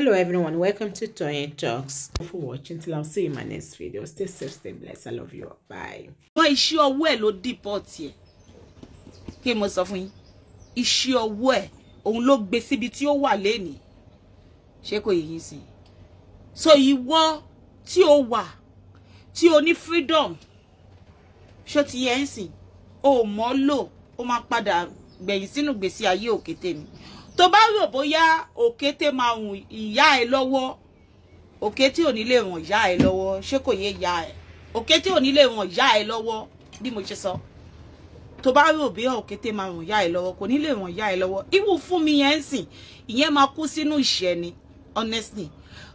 hello everyone welcome to Toyeen Talks Thank you for watching till I see you in my next video stay safe stay blessed i love you all bye. ọ is ọwọ́ ẹ̀ ló deport tiẹ̀ kí mo sọ fún yín iṣẹ́ ọwọ́ ẹ̀ òun ló gbé síbi tí ó wà lénìí ṣé kò yé yín so ìwọ tí o wa, tí o ní freedom ṣó ti yẹ ń sìn o mọ́ lò ó máa padà gbẹ̀yìn sínú gbèsè ayé òkété ni tó bá rò bóyá òkété máa rùn ìyá ẹ lọ́wọ́ òkété ò ní lè rùn ìyá ẹ lọ́wọ́ ṣé kò yé ìyá ẹ òkété ò ní lè rùn ìyá ẹ lọ́wọ́ bí mo ṣe sọ tó bá rò bí òkété máa rùn ìyá ẹ lọ́wọ́ kò ní lè rùn ìyá ẹ lọ́wọ́ irú fún mi yẹn ń sìn ìyẹn máa kú sínú ìṣẹ́ ni honestly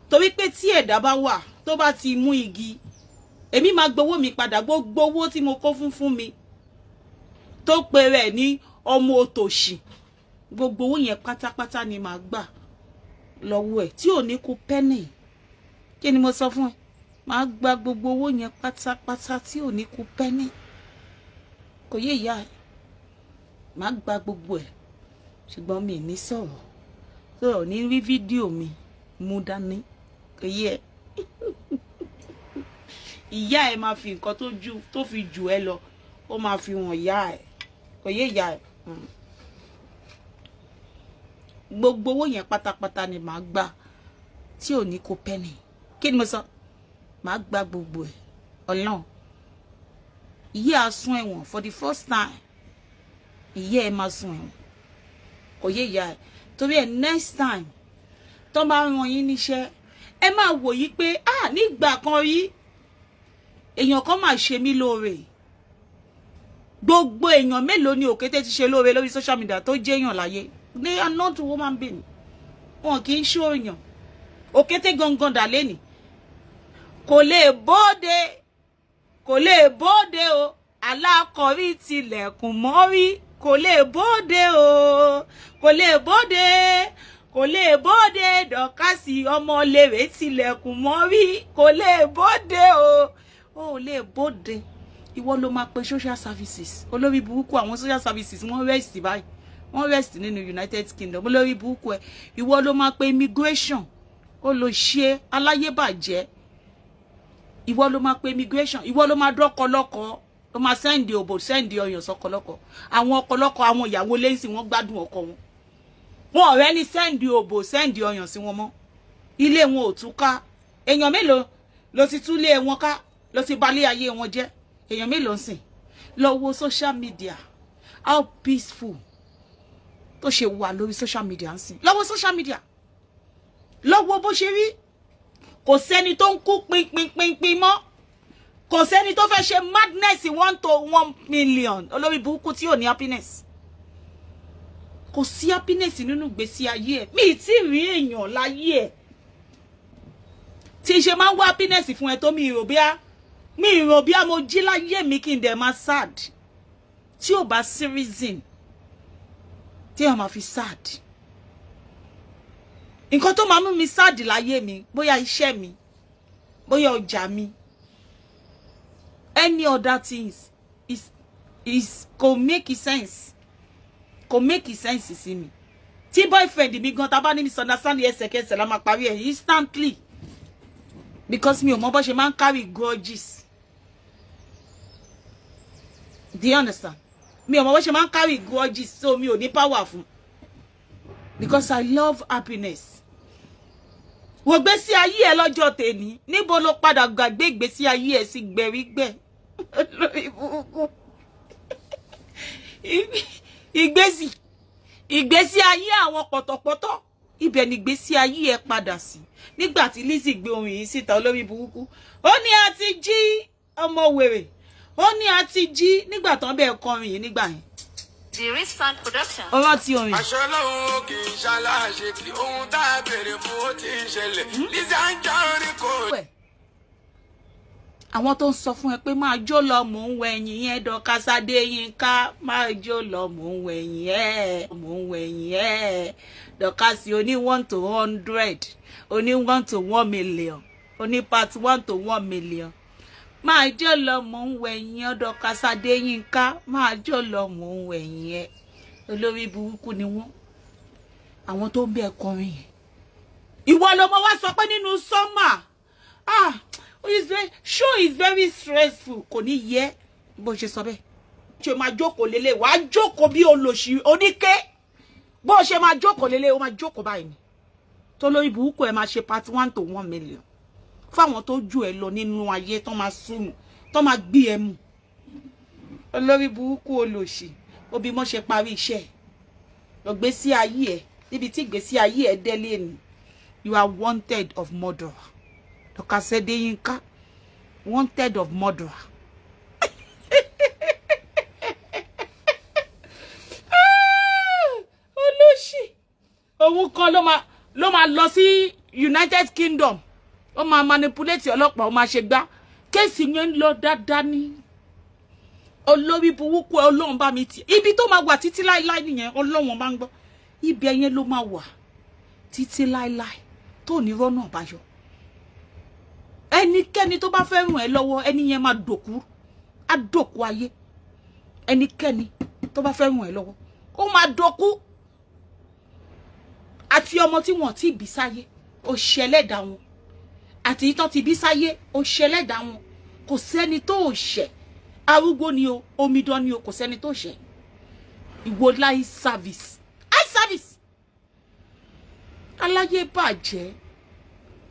torí pé tí ẹ̀dá bá wà tó bá ti mú igi èmi máa gbowó mi padà gbogbo owó tí mo kó fún fún mi tó pe rẹ̀ ní ọmọ òtòṣì gbogbo owó yẹn pátápátá ni màá gbà lọ́wọ́ ẹ̀ tí ò ní kú pẹ́nì kí ni mo sọ fún ẹ màá gba gbogbo owó yẹn pátápátá tí ò ní kú pẹ́nì kò yé ìyá ẹ màá gba gbogbo ẹ ṣùgbọ́n mi ní sọ̀rọ̀ sọ̀rọ̀ ní rí fídíò mi mú dání kò yé ẹ ìyá ẹ máa fi nǹkan tó fi jù ẹ lọ ó máa fi hàn ìyá ẹ kò yé ìyá ẹ. Mm gbogbo owó yẹn pátápátá ni màá gbà tí ò ní kó pẹ́ni kí ni mo sọ màá gba gbogbo ẹ̀ ọlọ́run ìyẹ́ a sún ẹ̀wọ̀n for the first time ìyẹ́ ẹ máa sún ẹ̀wọ̀n kò yé ìyá ẹ̀ torí ẹ̀ next time tó bá ràn yín níṣẹ́ ẹ máa wò yí pé ah nígbà kan rí èèyàn kan máa ṣe mí lóore gbogbo èèyàn mélòó ni òkété ti ṣe lóore lórí social media tó jẹ́yàn láyé they are woman being wọn kì í ṣe òyàn òkété gangan dà lẹ́nì kò lè bóde kò lè bóde o alákọ̀rí tilẹ̀kùn mọ́rí kò lè bóde o kò lè bóde kò lè bóde dọ̀kásì ọmọ lèrè tilẹ̀kùn mọ́rí kò lè bóde o ò lè bóde ìwọ ló máa pe social services olórí burúkú àwọn social services wọ́n rẹ̀ sí báyìí wọ́n rest nínú United Kingdom olórí burúkú ẹ ìwọ ló máa pe immigration ó lọ ṣe aláyébàjẹ́ ìwọ ló máa pe immigration ìwọ ló máa dọ́kọ lọ́kọ ló máa sẹ́ǹdì òbò sẹ́ǹdì ọyàn sọ́kọ lọ́kọ àwọn ọkọ lọ́kọ àwọn ìyàwó lẹ́sìn wọ́n gbádùn ọkọ wọn wọn ọ̀rẹ́ ní sẹ́ǹdì òbò sẹ́ǹdì ọyàn sí wọn mọ́ ilé wọn ò tún ká èèyàn mélòó ló ti túlé wọn ká ló ti balé ayé wọn jẹ́ èèyàn mélòó ń sìn lọ wo social media how peaceful tó ṣe wà lórí social media ń sìn lọ́wọ́ social media lọ́wọ́ bó ṣe rí kò sẹ́ni tó ń kú pinpinpinpin mọ́ kò sẹ́ni tó fẹ́ ṣe madness one to one million olórí burúkú tí ò ní happiness kò sí happiness nínú ìgbésí ayé ẹ̀ mi tí rí èèyàn láyé ẹ̀ tí ṣe máa ń wá happiness fún ẹ tó mi ìrò bíá mi ìrò bíá mo jí láyé mi kí n dẹ̀ máa sad tí ò bá sí reason tí èèyàn máa fi sad nǹkan tó máa mú mi sad láyé mi bóyá iṣẹ́ mi bóyá ọjà mi any other things is is kò make sense kò make sense sí mi tí boyfriend mi gan tá a bá ní misunderstand ẹsẹ̀kẹsẹ̀ la máa parí ẹ̀ instantly because mi ò mọ bó ṣe máa ń carry grudges do you understand mi ò mọ bó ṣe carry grudges so mi ò ní power fún because i love happiness wò gbésí ayé ẹ lọ́jọ́ tèmi níbo ló padà gbàgbé ìgbésí ayé ẹ sí gbẹ̀rígbẹ̀ lórí burúkú ìgbésí ìgbésí ayé àwọn pọ̀tọ̀pọ̀tọ̀ ibẹ̀ ni ìgbésí ayé ẹ padà sí nígbà tí Lizzy ohun yìí síta olórí burúkú ó ní a ti jí ọmọ ó ní a ti jí nígbà tán bẹ́ẹ̀ kọrin yìí nígbà yẹn. The Rich Sound Production. ọlọ́ ti orin. aṣọ lọ́wọ́ kì í ṣaláṣe kí ohun tá a béèrè fún ó ti ń ṣẹlẹ̀ hmm? Lizzy Anjorin kò. àwọn tó ń sọ fún ẹ pé máa jó lọ mò ń wẹ ẹ̀yìn yẹn dọkásádé yín ká máa jó lọ mò ń wẹ ẹ̀yìn ẹ mò ń wẹ ẹ̀yìn ẹ dọkásí oní one to hundred oní one to one million oní part one to one million máa jọ lọ mò ń wẹ̀yìn ọ̀dọ̀ kásádé yínká máa jọ lọ mò ń wẹ̀yìn ẹ olórí burúkú ni wọ́n àwọn tó ń bẹ kọrin yẹn ìwọ lọmọ wa sọ pé nínú sọmà ah show is very stressful kò ní yẹ bó ṣe sọ bẹ́ẹ̀ ṣe máa jókòó lélẹ̀ wàá jókòó bí olòṣì oníké bó ṣe máa jókòó lélẹ̀ ó máa jókòó báyìí tó lórí burúkú ẹ máa ṣe part one to one million fáwọn tó jù ẹ lọ nínú ayé tó máa sùn tó máa gbé ẹ mù olórí burúkú olòṣì òbí mo ṣe parí iṣẹ́ lọ sí ayé ẹ níbi tí ìgbésí ayé ẹ délé ni you are wanted of murder Dr. Adéyínká wanted of murder. Ah! òun kan ló máa lọ sí United Kingdom ó máa manipulate ọlọ́pàá ó máa ṣe gbá kéèsì yẹn ń lọ dáadáa ní olórí burúkú ọlọ́run bá mi tì ibi tó máa wà títí láéláé nìyẹn ọlọ́run máa ń gbọ́ ibi ẹyẹn ló máa wà títí láéláé tó ní rọ́nà àbáyọ ẹnikẹ́ni tó bá fẹ́ ràn ẹ́ lọ́wọ́ ẹni yẹn máa dòkú á dòkú ayé ẹnikẹ́ni tó bá fẹ́ ràn ẹ́ lọ́wọ́ ó máa dòkú àti ọmọ tí wọ́n ti bí sáyé ó ṣẹlẹ̀ dà wọn àti ìtọ́ ti bí sáyé ó ṣẹlẹ́dàá wọn kò sẹ́ni tó ò ṣẹ̀ arúgbó ni o omidan ni o kò sẹ́ni tó ṣẹ̀ ìwọ láì service high service aláyé bàjẹ́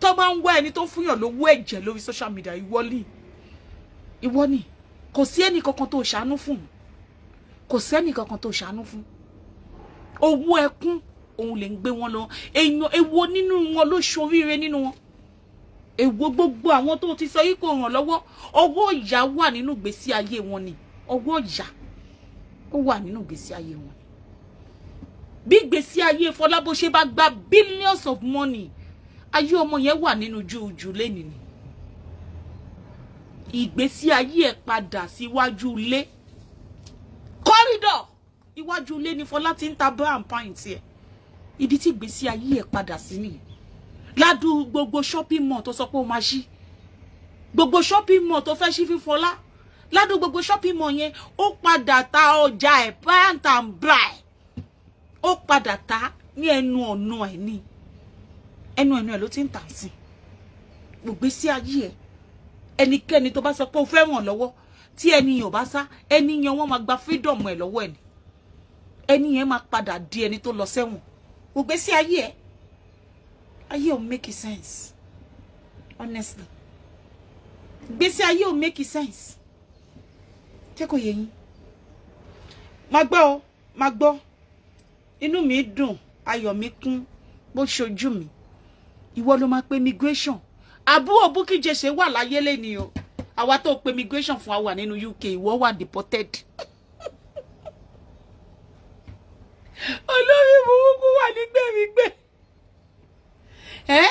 tó bá ń wá ẹni tó fúnyàn lówó ẹ̀jẹ̀ lórí social media ìwọ ni ìwọ ni kò sí ẹnì kankan tó ṣàánú fún kò sẹ́ni kankan tó ṣàánú fún owó ẹkún òun lè ń gbé wọn lọ èèyàn èwo nínú wọn ló ṣoríire nínú wọn èwo gbogbo àwọn tó ti sọ yìí kò ràn lọ́wọ́ ọwọ́ ìyá wà nínú ìgbésí ayé wọn ni ọwọ́ ìyá ó wà nínú ìgbésí ayé wọn ni bí ìgbésí ayé Fọlábó bá gba billions of money ayé ọmọ yẹn wà nínú júùjù lénìí ni ìgbésí ayé ẹ̀ padà síwájú ilé kọ́rídọ̀ iwájú ilé ni Fọlá ti ń ta bar and pint ẹ̀ ibi tí ìgbésí ayé ẹ̀ padà sí nìyẹn ládùú gbogbo shopping mall tó sọ pé ó máa ṣí gbogbo shopping mall tó fẹ́ ṣí fífọlá ládùú gbogbo shopping mall yẹn ó padà ta ọjà ẹ̀ pant and bra ẹ̀ ó padà ta ní ẹnu ọ̀nà ẹ̀ ní ẹnu ẹnu ẹ̀ ló ti ń tà sí gbogbo sí ayé ẹ̀ ẹnikẹ́ni tó bá sọ pé ó fẹ́ ràn lọ́wọ́ tí ẹnìyàn bá sá ẹnìyàn wọn máa gba freedom ẹ̀ lọ́wọ́ ẹ̀ ni ẹnìyàn máa padà di ẹni tó lọ sẹ́wọ̀n gbogbo sí ayé ẹ̀ Are you making sense honestly gbèsè are you making sense ṣé kò yé Magbo, máa gbọ́ ọ máa gbọ́ inú mi dùn ayọ̀ mi kún bó ṣojú mi ìwọ ló máa pe migration àbúrò Bukky Jesse wà láyé lẹ́ni o àwa tó pe migration fún wa wà UK ìwọ wà deported olórí burúkú wà nígbèrígbèrí ẹ́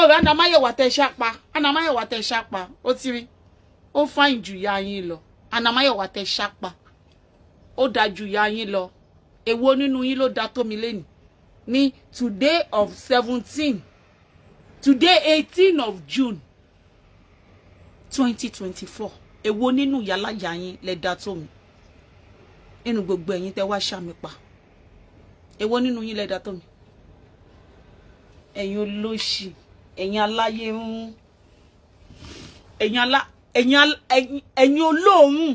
ọ̀rọ̀ anamáyẹ̀wà tẹ̀ ṣá pa anamáyẹ̀wà tẹ̀ ṣá pa ó ti rí ó fáìn ju ìyá yín lọ anamáyẹ̀wà tẹ̀ ṣá pa ó dáa ju ìyá yín lọ èwo nínú yín ló dáa tó lẹ́nu ní today of seventeen today eighteen of June twenty twenty four èwo nínú yàláyà yín lẹ dáa tó mi nínú gbogbo ẹ̀yin tẹ́ wá ṣàmì pa èwo nínú yín lẹ dáa tó mi ẹ̀yin olóṣì ẹ̀yin aláyé ń ẹ̀yin alá ẹ̀yin alá ẹ̀yin olóòórùn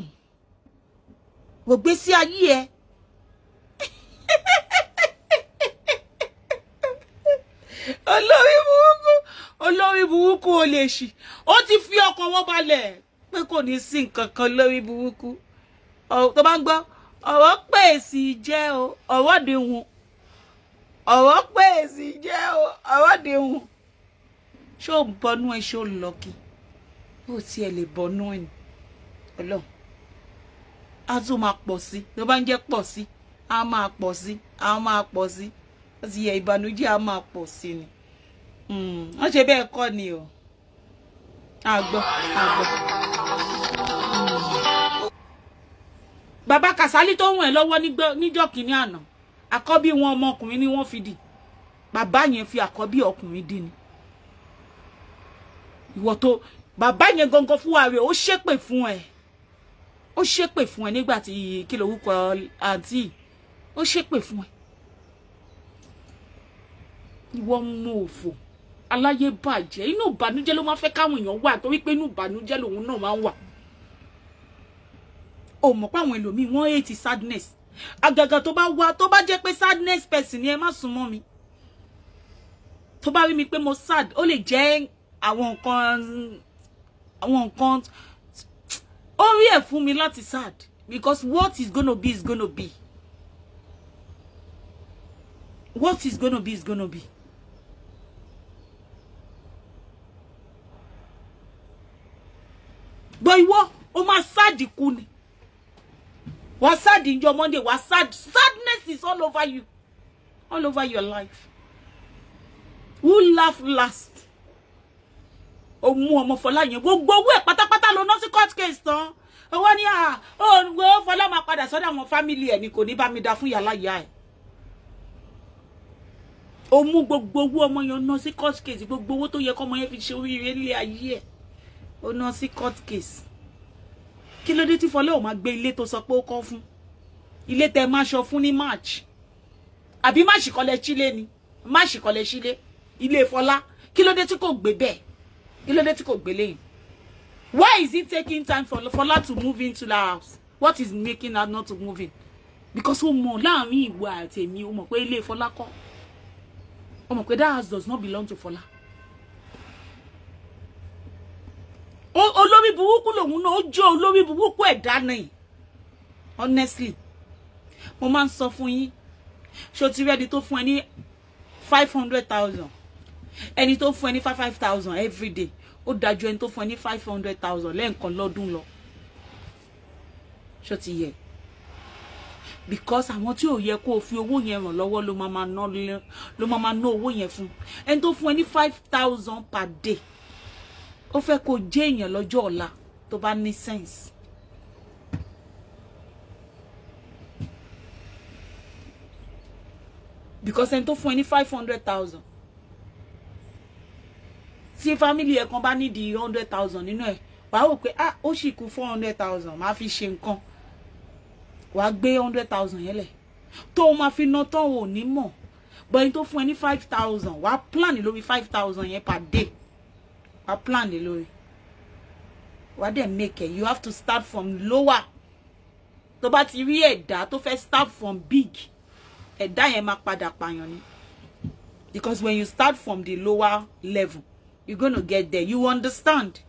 wò gbé sí ayé ẹ. olórí burúkú olórí burúkú o lè ṣì ó ti fi ọkàn wọn balẹ̀ pé kò ní sí nǹkan kan lórí burúkú tó bá ń gbọ́ ọ̀rọ̀ pèsè jẹ́ ọ̀rọ̀ dìhun ọ̀rọ̀ pé èsì jẹ́ o ọ̀rọ̀ dehun ṣé ò ń bọnú ẹ ṣé ò ń lọ́kì ó tiẹ̀ lè bọnú ẹ ọlọ́run á tún máa pọ̀ sí ló bá ń jẹ́ pọ̀ sí á máa pọ̀ sí á máa pọ̀ sí ó ti yẹ ìbànújẹ́ á máa pọ̀ sí ni hmm, wọ́n ṣe bẹ́ẹ̀ kọ́ ni o àgbọ̀ àgbọ̀. Hmm. bàbá Kàsálí tó ń wọ̀n ẹ́ lọ́wọ́ níjọ́ kìíní àná àkọ́bí wọn ọmọkùnrin ni wọ́n fi dì bàbá yẹn fi àkọ́bí ọkùnrin dì ni ìwọ tó bàbá yẹn gangan fúnra rẹ̀ ó ṣépè fún ẹ ó ṣépè fún ẹ nígbà tí kí lorúkọ àǹtí ó ṣépè fún ẹ ìwọ mú òfò aláyé bàjẹ́ inú ìbànújẹ́ ló máa fẹ́ káwọn èèyàn wà torí pé inú ìbànújẹ́ lòun náà máa ń wà o mọ̀ pé àwọn ẹlòmíì wọ́n hate sadness àgàgà tó bá wa tó bá jẹ́ pé sadness person ni ẹ má sùn mọ́ mi tó bá rí mi pé mo sad ó lè jẹ́ àwọn nǹkan àwọn nǹkan ó rí ẹ̀ fún mi láti sad because what is gonna be is gonna be what is gonna be is gonna be. gbọ́ ìwọ o ma sáàdì kú ni wàá sad your monday wàá sad sadness is all over you all over your life who laugh last òun ọmọ fọlá yẹn gbogbo go ẹ̀ pátápátá lo ná sí court case tán owó ní à ah, òǹgbò fọlá máa padà sọ́dọ̀ àwọn fámìlì ẹ̀ ni kò ní bá mi da fún yàrá ìyá ẹ̀ ó mú gbogbo owó ọmọ yẹn ná sí court case go go tó yẹ kọ́mọ yẹn fi show oríire ilé ayé ẹ̀ ó ná sí court case kí ló dé tí Fọlá ò máa gbé ilé tó sọ pé ó kọ́ fún ilé tẹ máa ṣọ fún ní march àbí má ṣìkọlẹ̀ sílé ni má ṣìkọlẹ̀ sílé ilé Fọlá kí ló dé tí kò gbé bẹ́ẹ̀ kí ló dé tí kò gbé lẹ́yìn why is it taking time for Fọlá to move into the house what is making her not to move in because ó mọ̀ láàrin ìwà àti èmi ó mọ̀ pé ilé Fọlá kọ́ ó mọ̀ pé that house does not belong to fola. olórí burúkú lòun náà ó jẹ́ olórí burúkú ẹ̀dá náà honestly mo máa ń sọ fún yín ṣó ti rẹ́ni tó fún ẹ ní five hundred thousand ẹni tó fún ẹ ní five five thousand every day ó dájú ẹni tó fún ẹ ní five hundred thousand lẹ́ẹ̀kan lọ́dún lọ ṣó ti yẹ because àwọn tí ò yẹ kó o fi owó yẹn ràn lọ́wọ́ ló máa máa ná owó yẹn fún ẹni tó fún ẹ ní five thousand per day ó fẹ́ kó jẹ́ èèyàn lọ́jọ́ ọ̀la tó bá ní sense. because ẹni tó fún ẹ ní five hundred thousand tí family ẹ kan bá ní di hundred thousand nínú ẹ wàá wò pé ah ó sì kù four hundred thousand máa fi ṣe nǹkan wàá gbé hundred thousand yẹn lẹ̀ tó o máa fi ná tán o ò ní mọ̀ bọ́ ẹni tó fún ẹ ní five thousand wàá plan lórí five thousand yẹn per day wà plan lé lórí wà á make it you have to start from lower tó bá ti rí ẹ̀dá tó fẹ́ start from big ẹ̀dá yẹn máa padà pààyàn ni because when you start from the lower level you gonna get there you understand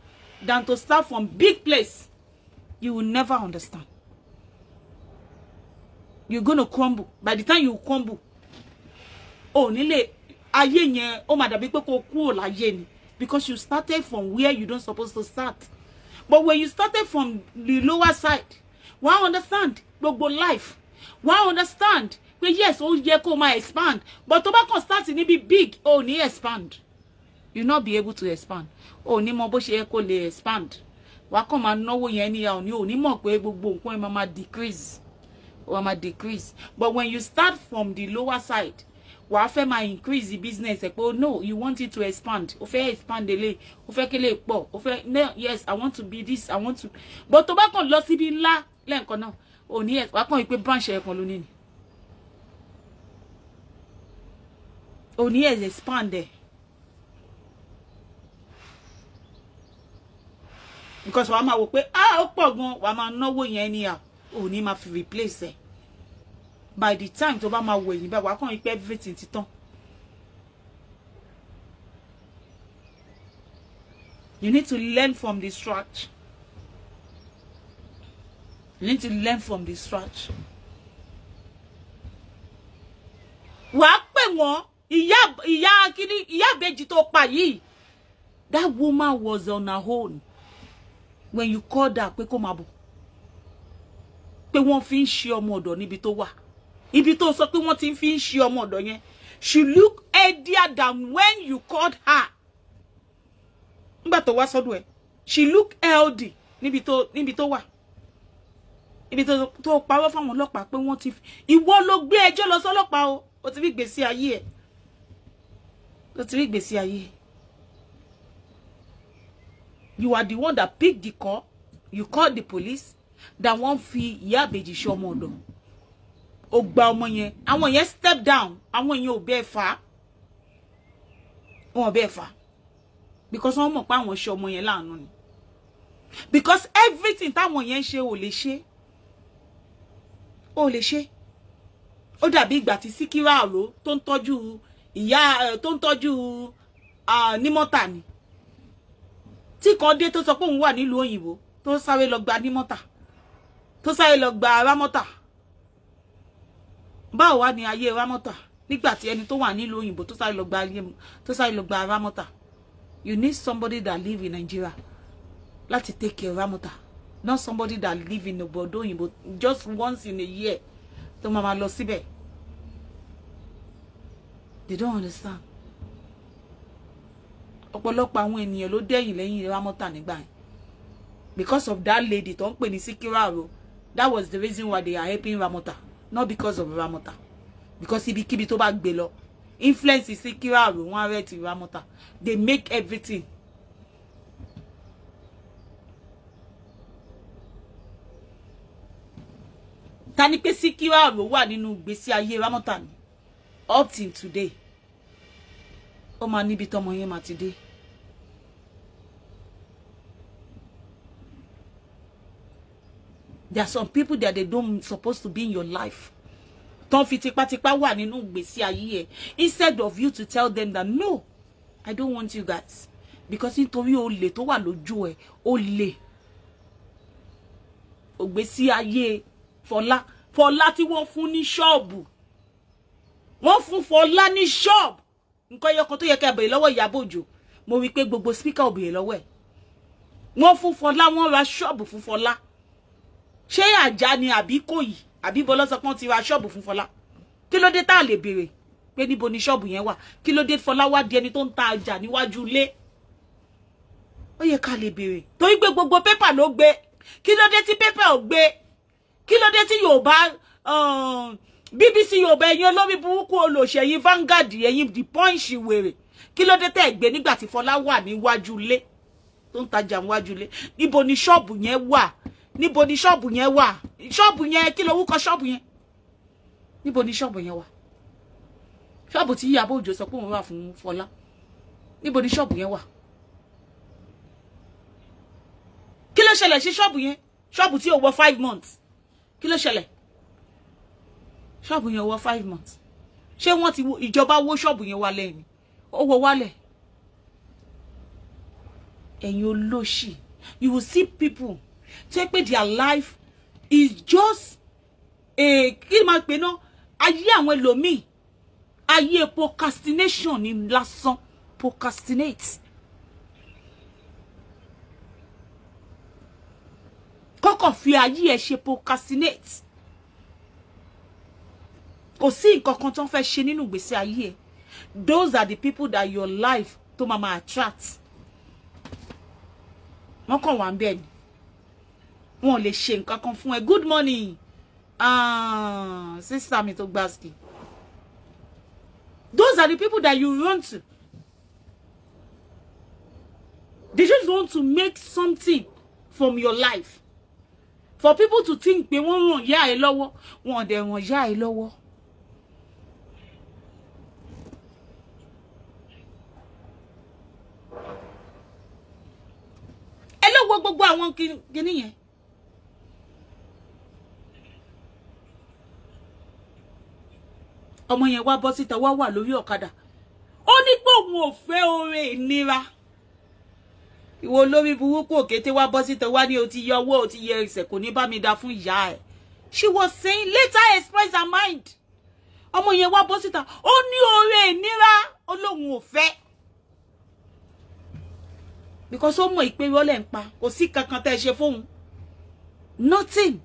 than to start from big place you will never understand you gonna crumble by the time you crumble ò oh, nílé ayé yẹn ó máa dàbí pé kó kúrò láyé ni because you started from where you don't supposed to start but when you started from the lower side why understand gbogbo life why understand Well, yes oh, yeah, kó máa expand but tó bá kàn start be big oh, ni expand you not be able to expand oh, ni mọ bó ṣe le expand wa kàn máa náwó yẹn níyà òní ò ní mọ̀ pé gbogbo nǹkan ẹ̀ decrease ó máa decrease but when you start from the lower side wàá fẹ́ máa increase the business ẹ̀ pé oh no you want it to expand o fẹ́ expand ele o fẹ́ kele pọ̀ o fẹ́ no yes i want to be this i want to but tó bá kàn lọ síbi ńlá lẹ́ǹkan náà ò ní wàá kàn yí pé branch ẹ̀ kan ló ní ni ò ní ẹ̀ expand ẹ̀. because wàá máa wò pé ah ó pọ̀ gan wàá máa náwó yẹn ni à ò ní máa fi replace ẹ̀ by the time tó bá máa wò èyí báyìí wàá kàn yín pé everything ti tán. You need to learn from the scratch. You need to learn from the scratch. stretch. Wàá pè wọ́n ìyá ìyá kíní ìyá ìbejì tó pa yìí. That woman was on her own when you called her pé kó máa bọ̀. Pé wọ́n fi ń ṣe ọmọ ọ̀dọ̀ níbi tó wà ibi tó sọ pé wọ́n ti fi ń ṣe ọmọ ọ̀dọ̀ yẹn she look healthier than when you called her nígbà tó wá sọ́dọ̀ ẹ̀ she look healthy níbi tó níbi tó wà ibi tó tó parọ́ fáwọn ọlọ́pàá pé wọ́n ti ìwọ ló gbé ẹjọ́ lọ sọ́lọ́pàá o o ti rí gbèsè ayé ẹ̀ o ti rí gbèsè ayé ẹ̀ you are the one that pick the call you call the police that wọ́n fi ìyá àbèjì ṣe ọmọ ọ̀dọ̀ ó gba ọmọ yẹn àwọn yẹn step down àwọn yẹn ò bẹ́ẹ̀ fà á wọn ò because wọ́n mọ̀ pé àwọn ṣe ọmọ yẹn láàánú ni because everything táwọn yẹn ṣe ò lè ṣe ò lè ṣe ó dàbí ìgbà tí síkírà àló tó ń tọ́jú ìyá eh, tó ń tọ́jú ah, nímọ́tà ni tí kan dé tó sọ pé òun wà nílùú òyìnbó tó sáré lọ gba nímọ́tà tó sáré lọ gba rámọ́tà báwo wá ní ayé Rámọ́tà nígbà tí ẹni tó wà nílùú òyìnbó tó sáré lọ gba ayé tó sáré lọ gba Rámọ́tà you need somebody that live in Nigeria láti take care Rámọ́tà not somebody that live in obodo òyìnbó just once in a year tó máa ma lọ síbẹ̀ they don't understand ọ̀pọ̀lọpọ̀ àwọn ènìyàn ló dẹ̀yìn lẹ́yìn Rámọ́tà nígbà yẹn because of that lady tó ń pè ní Síkírà Àrò that was the reason why they are helping Rámọ́tà not because of Ramota because he be keep it over below. influence Síkírù Ààrẹ one rẹ to Ramota they make everything. ta ni secure Síkírù Ààrẹ wà nínú ìgbésí ayé Ramota ni up till today Oh máa níbi tọmọ yẹn máa ti there are some people that they don't supposed to be in your life tán fi tipátipá wà nínú ìgbésí ayé ẹ instead of you to tell them that no i don't want you guys because nítorí olè tó wà lójú ẹ olè ògbésí aye fola fọlá tí wọ́n fún ní ṣọ́ọ̀bù wọ́n fún fọlá ní ṣọ́ọ̀bù nǹkan ẹyọkan tó yẹ ká bèrè lọ́wọ́ Ìyábọ̀ Òjó mo wí pé gbogbo spíkà ò bèrè lọ́wọ́ ẹ̀ wọ́n fola. fọlá ra ṣọ́ọ̀bù fún fọlá ṣé àjà ni àbí kòyí àbí bọ́lá sọ pé wọ́n ti ra ṣọ́ọ̀bù fún fọlá kí ló dé tá a lè béèrè pé níbo ni ṣọ́ọ̀bù yẹn wà kí ló dé fọlá wá di ẹni tó ń ta àjà níwájú ilé ó yẹ ká lè béèrè torí pé gbogbo pépà ló gbé kí ló dé tí pépà ò gbé kí ló dé tí yorùbá um, bbc yorùbá ẹ̀yin olórí burúkú olóṣèyí Vanguard ẹ̀yin the punch wèrè kí ló dé tẹ́ ẹ̀ gbé nígbà tí fọlá wà níwájú ilé tó ń tajà níwájú ilé níbo ni ṣọ́ọ̀bù yẹn wà níbo ni ṣọ́ọ̀bù yẹn wà ṣọ́ọ̀bù yẹn kí ló wúkọ ṣọ́ọ̀bù yẹn níbo ni ṣọ́ọ̀bù yẹn wà ṣọ́ọ̀bù tí Ìyábọ̀ Òjó sọ pé òun wà fún Fọlá níbo ni ṣọ́ọ̀bù yẹn wà kí ló ṣẹlẹ̀ sí ṣọ́ọ̀bù yẹn ṣọ́ọ̀bù tí ò wọ five months kí ló ṣẹlẹ̀ ṣọ́ọ̀bù yẹn wọ five months ṣé wọ́n ti ìjọba wó ṣọ́ọ̀bù yẹn wálẹ̀ ni ó wọ wálẹ̀ ẹ̀yin olóṣì you will see people tó yẹ pé their life is just a kí ni máa pè náà ayé àwọn ẹlòmíì ayé procrastination ni lásán procrastinate kọ́kọ́ fi ayé ẹ ṣe procrastinate kò sí nǹkan kan tó ń fẹ́ ṣe nínú ìgbésí ayé ẹ those are the people that your life tó máa máa attract wọ́n kàn wá ń bẹ́ẹ̀ ni wọn lè ṣe nǹkan kan fún ẹ good morning ah, sister mi tó gbàsíkì those are the people that you run to they just want to make something from your life for people to think pé wọ́n ràn yá ẹ lọ́wọ́ wọn ò dẹ̀ ràn yá ẹ lọ́wọ́. ẹ lọ wo gbogbo àwọn kinní yẹn ọmọ yẹn wá bọ́ síta wá wà lórí ọ̀kadà ó ní pé òun ò fẹ́ oore ìnira ìwọ olórí burúkú òkété wá bọ́ síta wá ní o ti yọ owó o ti yẹ ẹsẹ̀ kò ní bá mi da fún ìyá ẹ̀ she was saying later express her mind ọmọ yẹn wá bọ́ síta ó ní oore ìnira olóhùn ò fẹ́ because ó mọ̀ ìpè rọ́lẹ̀ kò sí kankan tẹ́ ẹ ṣe fóun nothing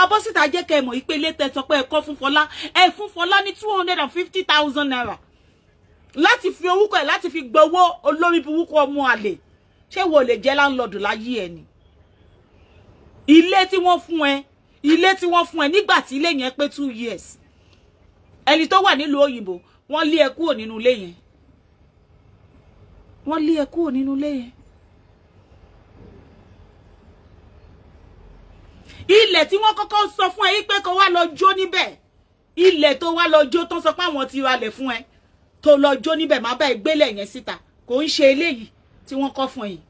abọ́síta jẹ́ kẹ́ ẹ mọ̀ pé ilé tẹ̀sán pé ẹ fún fọlá ẹ fún fọlá ní two hundred and fifty thousand naira láti fi orúkọ ẹ láti fi gbowó olórí burúkú ọmọ àlè ṣé wo lè jẹ́ láńlọ́ọ̀dù láyé ẹ ni ilé tí wọ́n fún ẹ ilé tí wọ́n fún ẹ nígbà tí ilé yẹn pé two years ẹni tó wà nílùú òyìnbó wọ́n lé ẹ kúrò nínú ilé yẹn wọ́n lé ẹ kúrò nínú ilé yẹn ilẹ̀ tí wọ́n kọ́kọ́ sọ fún ẹ pé kó wá lọ jó níbẹ̀ ilẹ̀ tó wá lọ jó tó sọ pé àwọn ti ralẹ̀ fún ẹ tó lọ jó níbẹ̀ má bá ẹ gbélé yẹn síta kò ń ṣe eléyìí tí wọ́n kọ́ fún yìí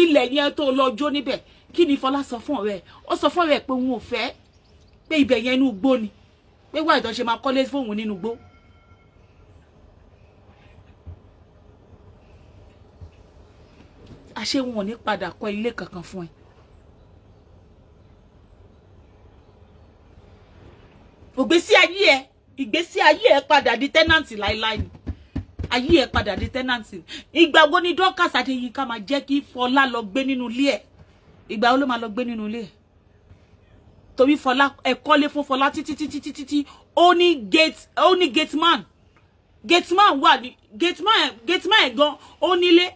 ilẹ̀ yẹn tó lọ jó níbẹ̀ kí ni Fọlá sọ fún ọ̀rẹ́ ó sọ fún ọ̀rẹ́ pé òun ò fẹ́ pé ibẹ̀ yẹn inú igbó ni pé wà ìtọ́ ṣe máa kọ́lé fóun nínú igbó. àṣé wọn ò ní padà kọ́ ilé kankan fún ẹ ògbésí ayé ẹ ìgbésí ayé ẹ padà di tẹ́nàntì láíláí ni ayé ẹ padà di tẹ́nàntì ìgbà wo ni Dorkas Adéyínká máa jẹ́ kí Fọlá lọ gbé nínú ilé ẹ̀ ìgbà wo ló máa lọ gbé nínú ilé ẹ̀ torí Fọlá ẹ kọ́lé fún Fọlá títí títí títí tí ó ní gate ó ní gate man gate man wà ní gate man gate man ẹ̀ gan ó nílé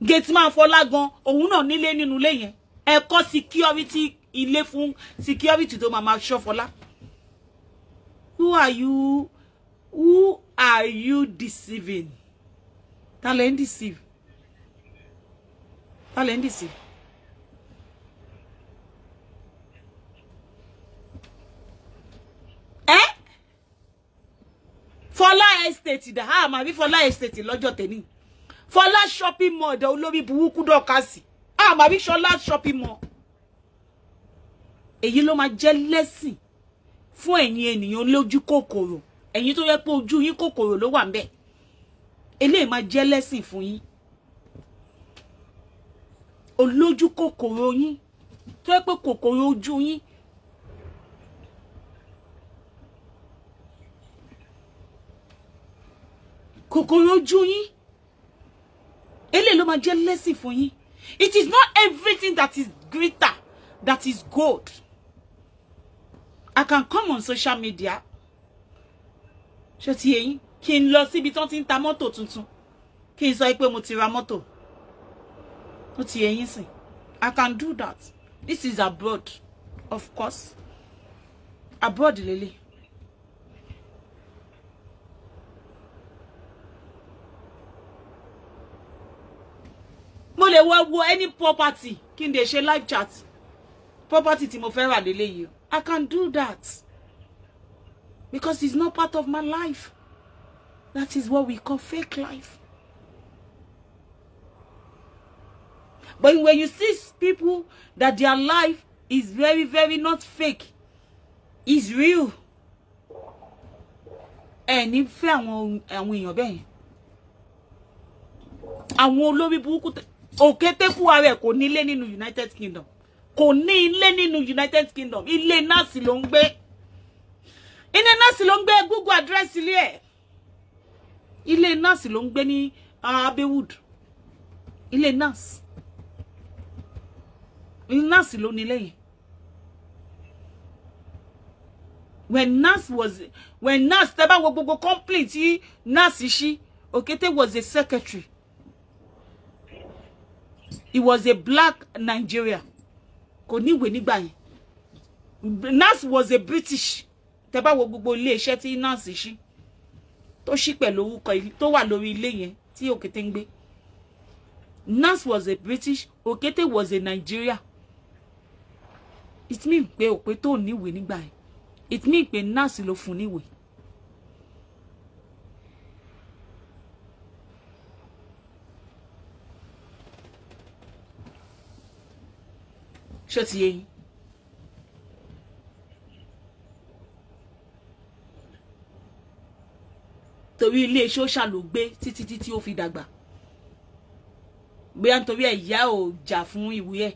gate man Fọlá gan òun náà nílé nínú ilé yẹn ẹ kọ́ security ilé fún security tó máa máa ṣọ́ Fọlá who are you who are you deceiving ta lẹ ń deceive ta lẹ ń deceive. Eh? Fọlá estate ha á màbí Fọlá estate lọ́jọ́ tẹ̀lé Fọlá shopping mall dà olórí burúkú dọ̀ka sí á màbí Ṣọlá shopping mall èyí ló máa jẹ́ lẹ́sìn fún ẹ̀yin ènìyàn lójú kòkòrò ẹ̀yin tó yẹ pé ojú yín kòkòrò ló wà ń bẹ̀ eléyìí máa jẹ́ lẹ́sìn fún yín olójú kòkòrò yín tó yẹ pé kòkòrò ojú yín kòkòrò ojú yín eléyìí ló máa jẹ́ lẹ́sìn fún yín it is not everything that is greater, that is gold. I can come on social media ṣé ti yẹn kí n lọ síbi tán ti ń ta mọ́tò tuntun kí n sọ pé mo ti ra mọ́tò ó ti yẹn sìn I can do that this is abroad of course abroad lele. mo lè wọ wo any property kí n lè ṣe live chat property tí mo fẹ́ rà lélẹ́yìí o I can do that. Because it's not part of my life. That is what we call fake life. But when you see people that their life is very, very not fake, it's real. Ẹ ní fẹ́ àwọn àwọn èèyàn bẹ́ẹ̀ yẹn. Àwọn olórí burúkú òkété fún ara ẹ̀ kò United Kingdom kò ní ilé nínú United Kingdom ilé nọ́ọ̀sì ló ń gbé ilé nọ́ọ̀sì ló ń gbé Google address ilé ẹ̀ ilé nọ́ọ̀sì ló ń gbé ní uh, Abewood ilé nọ́ọ̀sì nọ́ọ̀sì ló ní lẹ́yìn when nurse was when nurse tẹ́ bá wo gbogbo complaint tí nurse ṣí Okete was a secretary he was a black Nigerian kò níwèé nígbà yẹn nas was a british tẹ bá wo gbogbo ilé iṣẹ́ tí nas ṣí tó ṣí pẹ̀lú orúkọ to wà lórí ilé yẹn tí òkété ń gbé was a british òkété was a nigeria it mean pé òpé tó níwèé nígbà yẹn it mean nurse nas ló fún níwèé ṣé ti yé yín. torí ilé iṣẹ́ ó ṣàlógbé títí títí ó fi dàgbà bóyá nítorí ẹ̀ ìyá ò jà fún ìwé ẹ̀.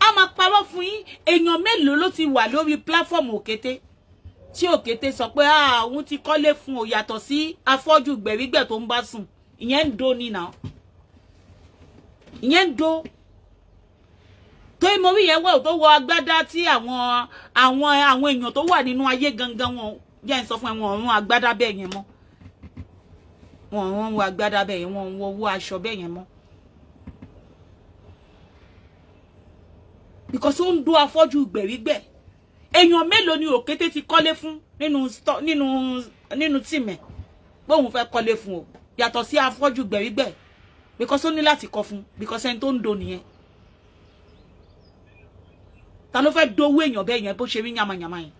a máa parọ́ fún yín èèyàn mélòó ló ti wà lórí pílàfọ́ọ̀mù òkété tí òkété sọ pé àwọn ah, ti kọ́lé fún o yàtọ̀ sí afọ́jú gbẹ̀rígbẹ̀ tó ń bá sùn ìyẹn ń do ni nà ìyẹn ń do tó ìmọ̀ wí yẹn wẹ̀ tó wọ agbádá tí àwọn àwọn àwọn èèyàn tó wà nínú ayé gangan wọn jẹ́ ń sọ fún ẹ wọn ọ̀run agbádá bẹ́ẹ̀ yẹn mọ́ wọn ọ̀run agbádá bẹ́ẹ̀ yẹn wọn wọ owó aṣọ bẹ́ẹ̀ yẹn mọ́ because ó ń do afọ́jú gbẹ̀rígbẹ̀ èèyàn mélòó ni òkété ti kọ́lé fún nínú nínú nínú tìmẹ̀ pé òun fẹ́ kọ́lé fún o yàtọ̀ sí afọ́jú gbẹ̀rígbẹ̀ because ó ní láti kọ́ fún because ẹni tó ń do nìyẹn ta ló fẹ́ dowó èèyàn bẹ́ẹ̀ yẹn bó ṣe rí yàmàyàmà yẹn.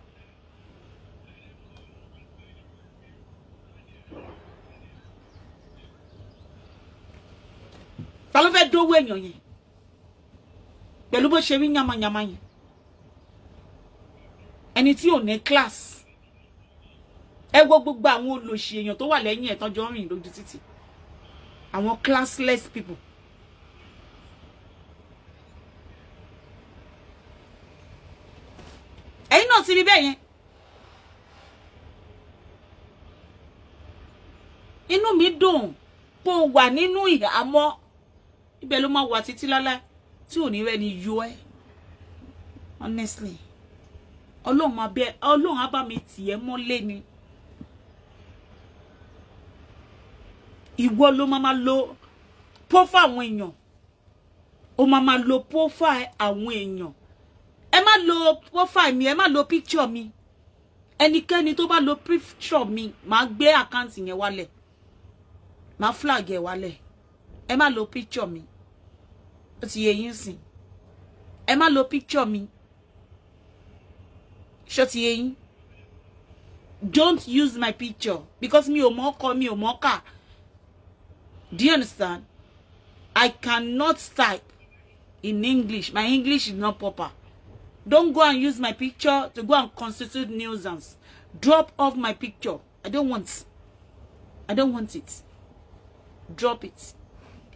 ta ló fẹ́ dowó èèyàn yẹn pẹ̀lú bó ṣe rí yàmàyàmà yẹn ẹni tí ò ní class ẹ wo gbogbo àwọn olòṣì èèyàn tó wà lẹ́yìn ẹ̀ tọ́jọ́ rìn lójú títì àwọn classless people ẹ̀yin náà ti rí bẹ́ẹ̀ yẹn inú mi dùn kó o wà nínú ìhàmọ́ ibẹ̀ ló máa wà títí lálẹ́ tí ò ní rẹ́ni yọ ẹ́ honestly ọlọ́run abẹ́ ọlọ́run á bá mi tì ẹ́ mọ́lé ni ìwọ ló máa lo pófà àwọn èèyàn o máa lo pófà àwọn èèyàn ẹ má lo pófà mi ẹ má lo píkṣọ mi ẹnikẹ́ni tó bá lo píkṣọ mi màá gbé àkáǹtì yẹn wálẹ̀ màá flag ẹ̀ wálẹ̀ ẹ má lo píkṣọ mi ó ti yẹ yín sìn ẹ má lo píkṣọ mi ṣó ti don't use my picture because mi ò mọ̀ ọkọ mi ò mọ̀ ọkà do you understand I cannot type in English my English is not proper don't go and use my picture to go and constitute nuisance drop off my picture I don't want I don't want it drop it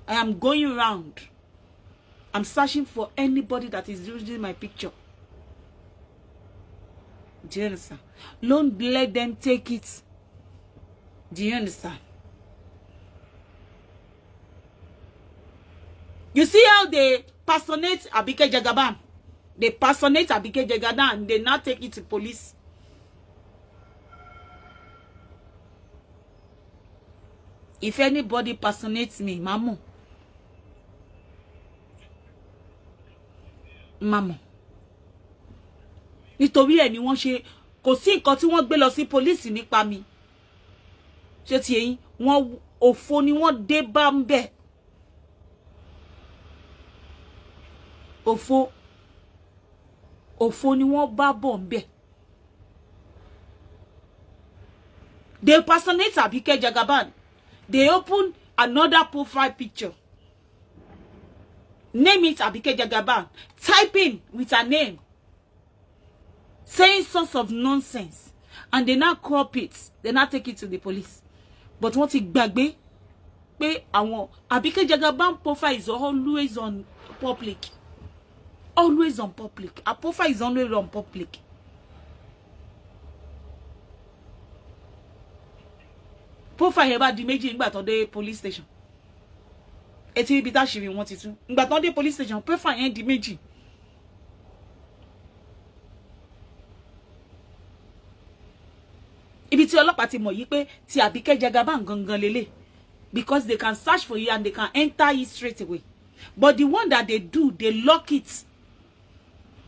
I am going round I'm searching for anybody that is using my picture Do you understand? Don't let them take it. Do you understand? You see how they personate Abike Jagaban? They personate Abike Jagaban and they now take it to police. If anybody personates me, Mamu. Mamu nítorí ẹ̀ ni wọ́n ṣe kò sí nǹkan tí wọ́n gbé lọ sí pólíìsì nípa mi ṣé ti eyín wọ́n òfo ni wọ́n dé bá ń bẹ̀ òfo òfo ni wọ́n bá bọ̀ ń bẹ̀. They personate Abike Jagaban. They open another profile picture. Name it Abike Jagaban. Type in with her name saying sorts of nonsense and they now cop it they now take it to the police but wọ́n ti gbàgbé pé àwọn Abike Jagaban profile is always on public always on public A profile is always on public. profile yẹn bá di méjì nígbà tó dé police station etí ibi táṣìírí wọn ti tú nígbà tó dé police station profile yẹn di méjì ibi tí ọlọ́pàá ti mọ̀ yìí pé ti Àbíkẹ́ Jagaban gangan lélẹ̀ because they can search for you and they can enter you straight away but the one that they do they lock it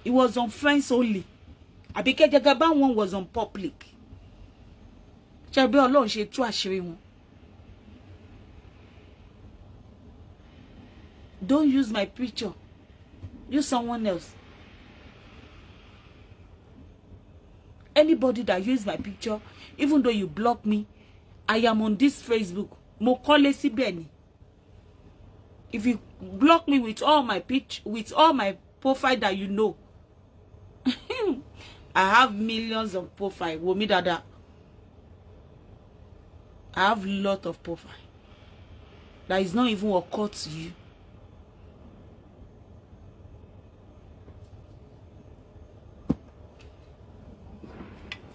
it was on friends only Àbíkẹ́ Jagaban one was on public ṣe bí Ọlọ́run ṣe tú àṣírí wọn. Don't use my picture use someone else anybody that use my picture even though you block me I am on this Facebook mo kọ́lé síbẹ̀ ni if you block me with all my pitch with all my profile that you know I have millions of profile wò mí I have lot of profile that is not even occur to you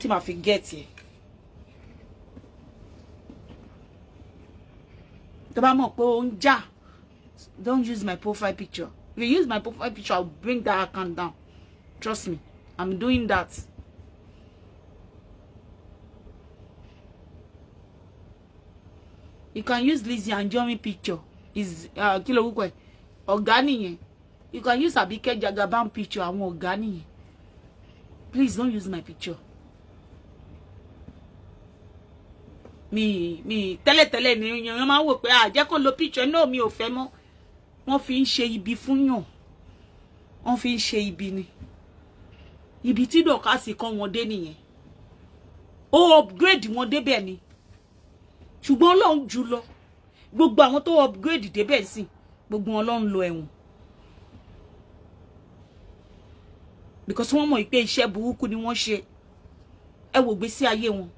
tí màá fi gẹ̀ẹ́tì ẹ̀ tó bá mọ̀ pé ó ń jà don't use my profile picture if you use my profile picture I'll bring that account down trust me I'm doing that. you can use and Anjorin picture is uh, kí ló wúkọ ẹ ọ̀gá nìyẹn you can use Abike Jagaban picture àwọn ọ̀gá nìyẹn please don't use my picture mi mi tẹ́lẹ̀tẹ́lẹ̀ ni yan máa wò pé àjẹ́ kò lo picture náà mi ò fẹ́ mọ́ wọ́n fi ń ṣe ibi fún yàn wọ́n fi ń ṣe ibi ni ibi tí dọ̀kásì kan wọn dé nìyẹn ó upgrade wọn débẹ̀ ni ṣùgbọ́n ọlọ́run jù lọ gbogbo àwọn tó upgrade débẹ̀ sí gbogbo wọn ló ń ẹ̀wọ̀n because wọ́n mọ̀ pé iṣẹ́ burúkú ni wọ́n ṣe ẹ wò gbésí ayé wọn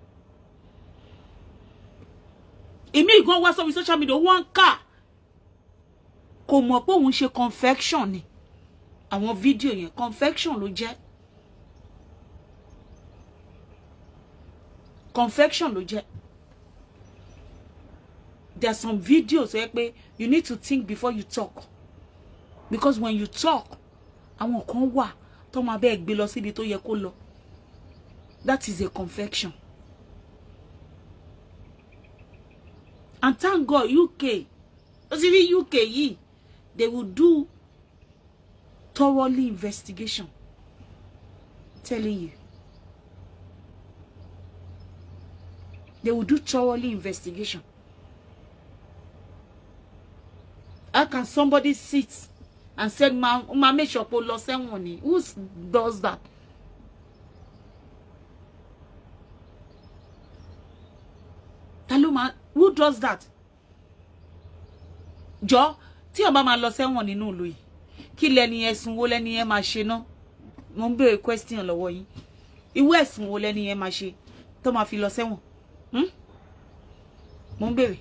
èmi ìgan wá sórí social media wọ́n ń kà kò mọ̀ pé òun confection ni àwọn video. yẹn confection ló jẹ́ confection ló jẹ́ there are some videos ẹ pé you need to think before you talk because when you talk àwọn kan wà tó máa be gbé lọ síbi tó yẹ kó lọ that is a confection. and thank God UK ó ti UK they will do thoroughly investigation I'm telling you they will do thoroughly investigation how can somebody sit and say, ma ma shop sure lost some money"? who does that ta ló máa who does that jọ tí ó bá máa lọ sẹ́wọ̀n nínú ìlú yìí kí lẹni ẹ̀sùn wo lẹni ẹ máa ṣe ná mo ń question lọ́wọ́ yín Iwe ẹ̀sùn wo lẹni ẹ máa ṣe tó máa fi lọ sẹ́wọ̀n mo ń béèrè.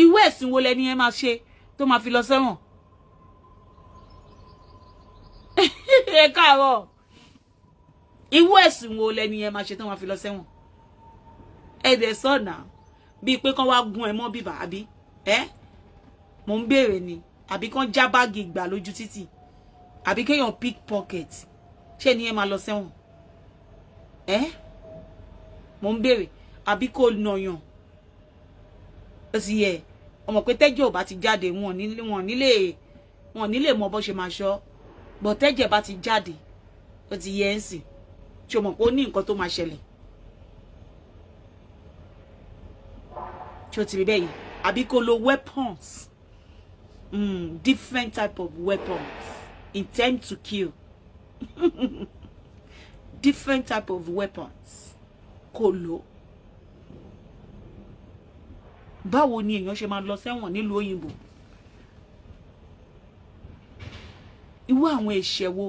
irú ẹ̀sùn wo lẹni ẹ máa ṣe tó máa fi lọ sẹ́wọ̀n hmm? ẹ káàárọ̀ irú ẹ̀sùn wo lẹni yẹn máa ṣe tán wàá fi lọ sẹ́wọ̀n ẹ dẹ̀ sọ̀nà bíi pé kán wá gun ẹ mọ́ bíbà àbí ẹ mò ń béèrè ni àbí kán já báàgì gbà lójú títì àbí kéèyàn pick pocket ṣé ni yẹn máa lọ sẹ́wọ̀n ẹ mò ń béèrè àbí kò nàyàn ó sì yẹ ọmọ pé tẹ́jọ́ ò bá ti jáde wọn nílé wọn nílé mọ bó ṣe máa ṣọ́ bọ̀tẹ́jẹ̀ bá ti jáde ó ti yẹ ẹ́ sìn tí o mọ̀ pé ó ní nǹkan tó máa ṣẹlẹ̀ tí o ti rí bẹ́ẹ̀ àbí kó lo weapons mm, different type of weapons intend to kill different type of weapons kó lò báwo ni èèyàn ṣe máa lọ sẹ́wọ̀n nílùú òyìnbó irú àwọn ẹ̀ṣẹ̀ wo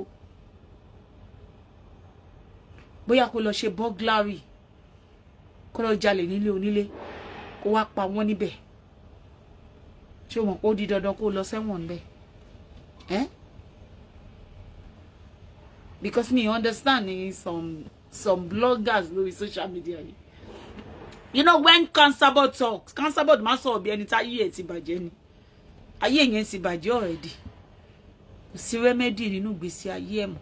bóyá kó lọ ṣe burglary kó lọ jalè nílé onílé kó wá pa wọ́n níbẹ̀ ṣé o mọ̀ pé ó di dandan kó lọ sẹ́wọ̀n níbẹ̀ ẹ́ because me understand some some bloggers lórí social media yìí you know when Cancerbot talks Cancerbot máa sọ ọ̀bí ẹni tá ayé ẹ̀ ti bàjẹ́ ni ayé yẹn ti bàjẹ́ already sí rẹ́mẹ́dì nínú ìgbésí ayé ẹ̀ mọ́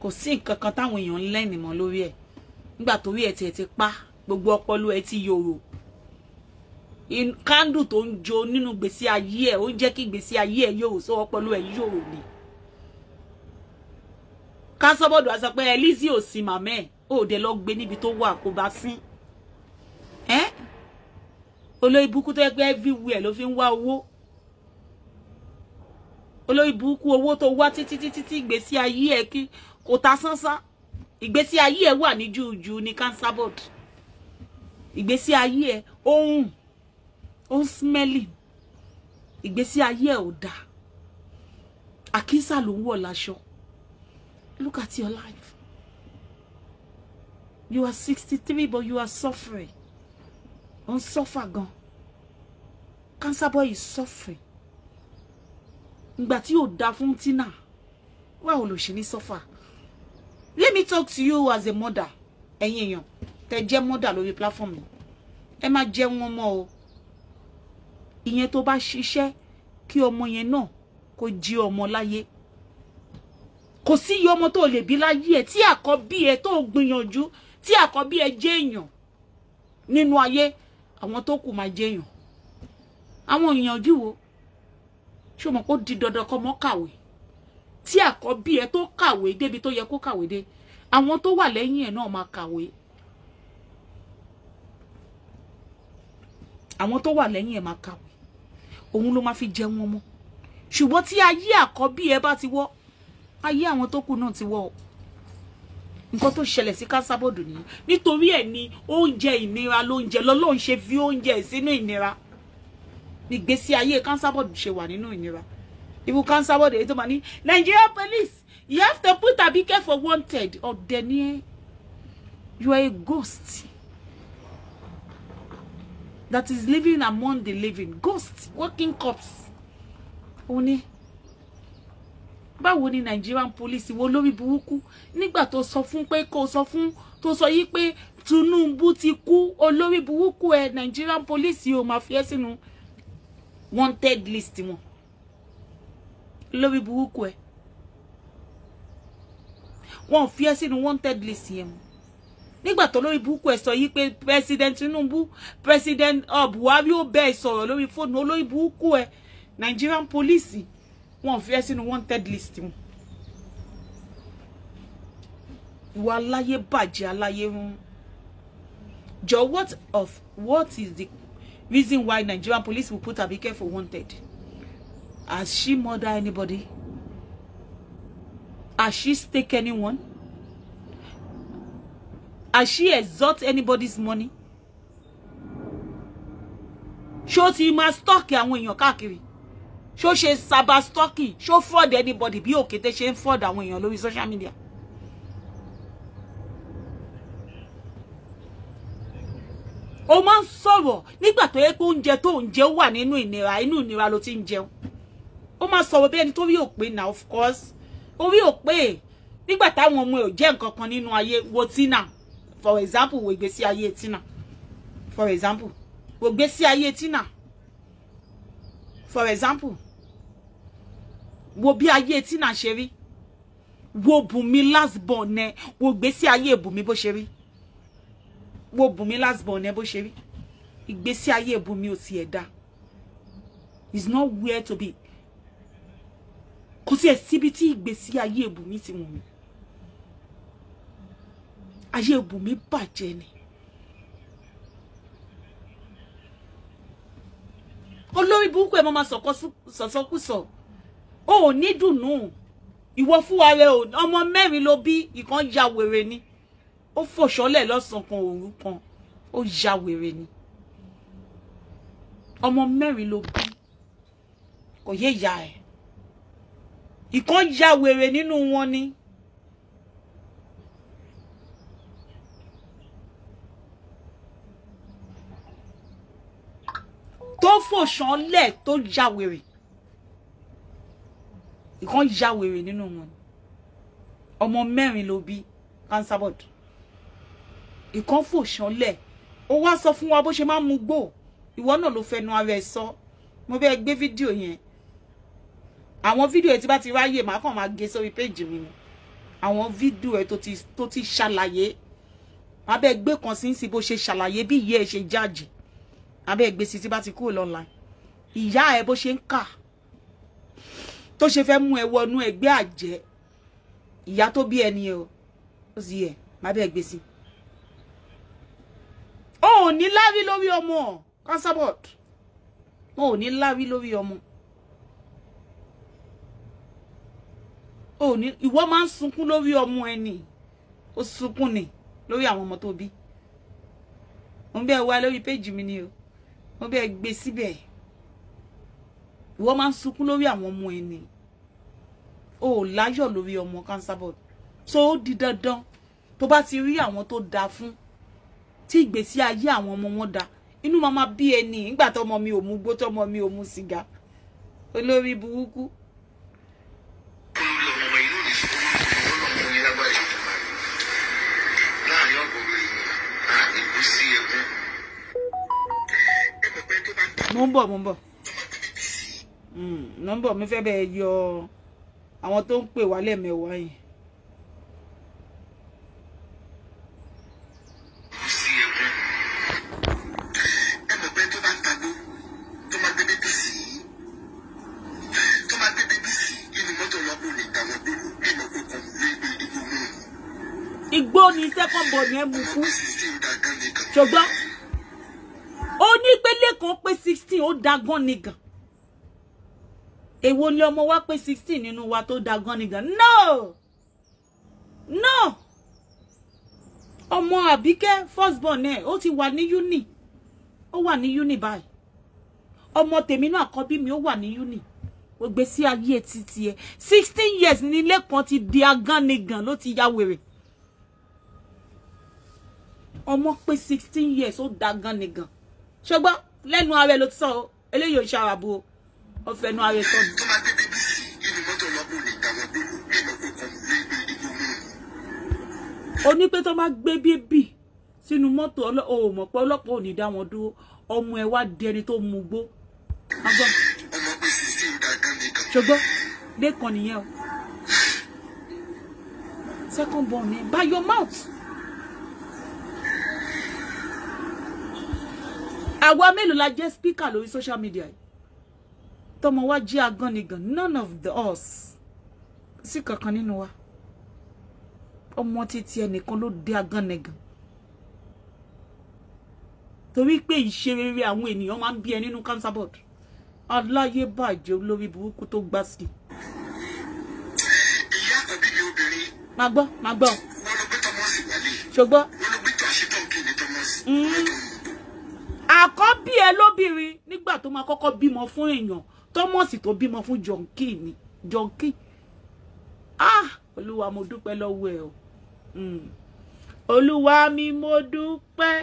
kò sí nǹkan kan táwọn èèyàn ń lẹ́nìí mọ́ lórí ẹ̀ nígbà torí ẹ̀ tiẹ̀ ti pa gbogbo ọpọlọ ẹ̀ ti yòrò kándù tó ń jó nínú ìgbésí ayé ẹ̀ ó ń jẹ́ kí ìgbésí ayé ẹ̀ yòrò sọ ọpọlọ ẹ̀ yòrò ni ká sọ́bọ̀dù á sọ pé Lizzy ò sí màmẹ́ ò dé lọ gbé níbi tó wà kó bá sín olóyìnbó kú tó yẹ pé everywhere ló fi ń wá olórí burúkú owó tó wá títí títí tí ìgbésí ayé ẹ kí kò ta sánsán ìgbésí ayé ẹ wà ní jùjù ní cancer board ìgbésí ayé ẹ ohun ohun smelling ìgbésí ayé ẹ ò dáa àkísà ló ń wọ̀ láṣọ look at your life you are sixty three but you are suffering ò ń suffer gan cancer boy is suffering ìgbà tí ò da fún tina báwo ló ṣe ní sọ́fà let me talk to you as a mother ẹ̀yin èèyàn tẹ́ jẹ́ mother lórí platform yìí ẹ má jẹ́ wọn mọ́ o ìyẹn tó bá ṣiṣẹ́ kí ọmọ yẹn náà kó jí ọmọ láyé kò sí iye ọmọ tó lè bí láyé ẹ tí àkọ́bí ẹ tó gbìyànjú tí àkọ́bí ẹ jẹ́ èèyàn nínú ayé àwọn tó kù máa jẹ́ èèyàn àwọn wo ṣé o mọ̀ kó di dandan kọ́ mọ́ kàwé tí àkọ́bí ẹ tó kàwé débi tó yẹ kó kàwé dé àwọn tó wà lẹ́yìn ẹ̀ náà máa kàwé àwọn tó wà lẹ́yìn ẹ̀ máa kàwé òun ló máa fi jẹ wọn mọ́ ṣùgbọ́n tí ayé àkọ́bí ẹ bá ti wọ́ ayé àwọn tó kù náà ti wọ́ nǹkan tó ṣẹlẹ̀ sí kásábọ̀dù nìyí nítorí ẹ̀ ni oúnjẹ ìnira lóúnjẹ lọ́lọ́run ṣe fi oúnjẹ sínú ìnira ìgbésí ayé cancer ṣe wà nínú ìnira ibu cancer èyí tó máa ní Nigeria police you have to put Abike for wanted or ni you are a ghost that is living among the living ghost walking cops. ó ní báwo ni Nigerian police wo lórí burúkú nígbà tó sọ fún pé kó sọ fún tó sọ yí pé Tinubu ti kú olórí burúkú ẹ Nigerian police yóò máa fi ẹ́ sínú. Si wanted list wọn lórí burúkú ẹ wọn ò fi ẹ sínú wanted list yẹn mu nígbà tó lórí burúkú ẹ sọ yìí pé president Tinubu president Buhari ó bẹ́ẹ̀ sọ̀rọ̀ lórí fóònù olórí burúkú ẹ Nigerian police wọn ò fi ẹ sínú wanted list wọn. ìwà aláyé bàjẹ́ aláyé run jọ what of what is the reason why Nigerian police will put Abike for wanted. Has she murdered anybody? Has she stake anyone? Has she extort anybody's money? Ṣó ti máa stalk àwọn èèyàn káàkiri? Ṣó ṣe cyber stalking? Ṣó fraud anybody bí òkété ṣe ń fraud when you're lórí social media? o ma n sọ̀rọ̀ nígbà tó yẹ pé oúnjẹ tó ń jẹ wà nínú ìnira inú ìnira ló ti ń jẹun ó máa sọ̀rọ̀ bí ẹni tó rí òpè na of course orí òpè nígbà táwọn ọmọ ẹ̀ ò jẹ́ nǹkan kan nínú ayé wo tina for example wo ìgbésí ayé tina for example wo ìgbésí ayé tina for example wo bí ayé tina ṣe rí wo bùnmi last born ne wo ìgbésí ayé bùnmi bó ṣe rí. wo Bùnmi last born ẹ bó ṣe rí ìgbésí ayé Bùnmi ò tiẹ̀ is not where to be kò sí ẹ̀ síbi tí ìgbésí ayé Bùnmi ti wù mí ayé Bùnmi bàjẹ́ ni olórí burúkú ẹ̀ mọ́ máa sọ̀sọ́kùsọ̀ o ò ní dùnú ìwọ fúnra rẹ ọmọ mẹ́rin ló bí ìkan ya wèrè ni ó fòṣọ́lẹ̀ lọ́sàn kan òru kan ó ya wèrè ni ọmọ mẹ́rin ló bí kò yé ìyá ẹ̀ ìkan ya wèrè nínú wọn ni. tó fòṣàn lẹ̀ tó ya wèrè ìkan ya wèrè nínú wọn ọmọ mẹ́rin ló bí cancer board ìkan fò ṣánlẹ̀ ó wá sọ fún wa bó ṣe máa ń mu gbò ìwọ náà ló fẹnu ara ẹ sọ mo bẹ́ẹ̀ gbé fídíò yẹn àwọn fídíò ẹ tí bá ti ráyè màá kàn máa gé sórí péjì mi ni àwọn fídíò ẹ tó ti ṣàlàyé abẹ́ gbé kan sí sí bó ṣe ṣàlàyé bí ìyá ẹ ṣe jáàjì abẹ́ gbé sí tí bá ti kúrò lọ́la ìyá ẹ bó ṣe ń kà tó ṣe fẹ́ mú ẹ wọnú ẹgbẹ́ àjẹ́ ìyá tó bí ẹni o ó sì yẹ má bẹ́ẹ̀ gbé o ni ní lárí lórí ọmọ Cancerbot o ò ní lárí lórí o ò ní ìwọ máa ń sunkún lórí o sunkún ni lórí àwọn ọmọ tó bí mo bẹ wá lórí péjì mi ni o mo bẹ gbé síbẹ̀ ìwọ máa ń sunkún lórí àwọn ọmọ ẹni o ò láyọ̀ lórí ọmọ Cancerbot so ó di dandan tó bá ti rí àwọn tó dáa fún tí ìgbésí ayé àwọn ọmọ wọn da inú máa ma bí ẹni nígbà tọmọ mi ò mu gbó tọmọ mi ò mu sìgá olórí burúkú. mo ń bọ̀ mo ń bọ̀ nọ́mbọ̀ mm, mi fẹ́ bẹ́ẹ̀ yọ àwọn tó ń pè wá lẹ́mẹ̀wá yìí. ọ̀rọ̀ yẹn mú fún ṣùgbọ́n ó ní pé lẹ́kọ̀ọ́ pé sixteen ó dagán nìgàn èwo ni ọmọ wa pé sixteen nínú wa tó dagán nìgàn no no ọmọ àbíkẹ́ first born ẹ̀ ó ti wà ní uni ó wà ní uni báyìí ọmọ tèmi náà àkọ́bí mi ó wà ní uni ó ayé títí ẹ sixteen years ni lẹ́kọ̀ọ́ ti di agán nìgàn ló ti ya wèrè ọmọ pé sixteen years ó da gan ni gan ṣùgbọ́n lẹ́nu ara ẹ ló ti sọ o eléyìí ò ṣe ara bu o ọ̀fẹ́ ẹnu ara ẹ sọ ni. ó ní pé tó máa gbé bébì sínú mọ́tò ọmọ pé ọlọ́pàá ò ní dá wọn dúró ọmọ ẹ wá di ẹni tó mu gbó. ṣùgbọ́n lẹ́kàn nìyẹn o second born ni by your mouth. àwa mélòó la jẹ́ speaker lórí social media yìí tọmọ wa jí agánigan none of the us sí kankan nínú wa ọmọ títí ẹnìkan ló dé agánigan torí pé ìṣe rere àwọn ènìyàn máa ń bí ẹ nínú cancer board aláyé bàjẹ́ olórí burúkú tó gbá sí. ìyá àbí ni obìnrin. máa gbọ́ máa gbọ́. wọ́n lọ gbé tọmọ sí wálé. ṣùgbọ́n. wọ́n lọ gbé tọ́ àṣetọ̀ kí ni tọmọ mm. sí àkọ́bí ẹ lóbìnrin nígbà tó máa kọ́kọ́ bímọ fún èèyàn tọ́mọ̀sì tó bímọ fún jọ̀ǹkì ni jọ̀ǹkì ah olúwa mo dúpẹ́ lọ́wọ́ ẹ o hmm. olúwa mi mo dúpẹ́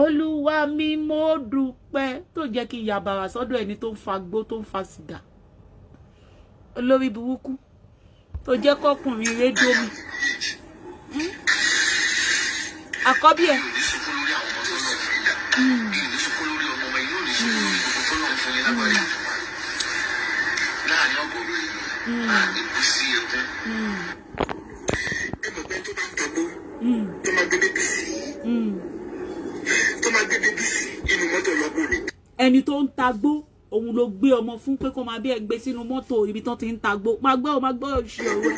olúwa mi mo dúpẹ́ tó jẹ́ kí n ya bàrà sọ́dọ̀ ẹni tó ń fa gbó tó ń fa sìgá olórí burúkú tó jẹ́ kọkùnrin rédíò mi hmm. àkọ́bí ẹ mi ò ní sunkún lórí ọmọ ọmọ yìí ò ní sunkún lórí gbogbo tó lọ́n fún yín lágbàdo àfọwọ́ láàrin ọgọ́rùn èèyàn máa ní kú sí ẹkún. ẹ mọ̀ pé tó bá ń tagbó tó máa gbé bébí sí tó máa gbé bébí sí inú mọ́tò lọ́gbọ̀n ni. ẹni tó ń tagbó òun ló gbé ọmọ fún pé kó máa bí ẹ gbé sínú mọ́tò ibi tán ti ń tagbó máa gbọ́ ọ máa gbọ́ ọ ṣe òru.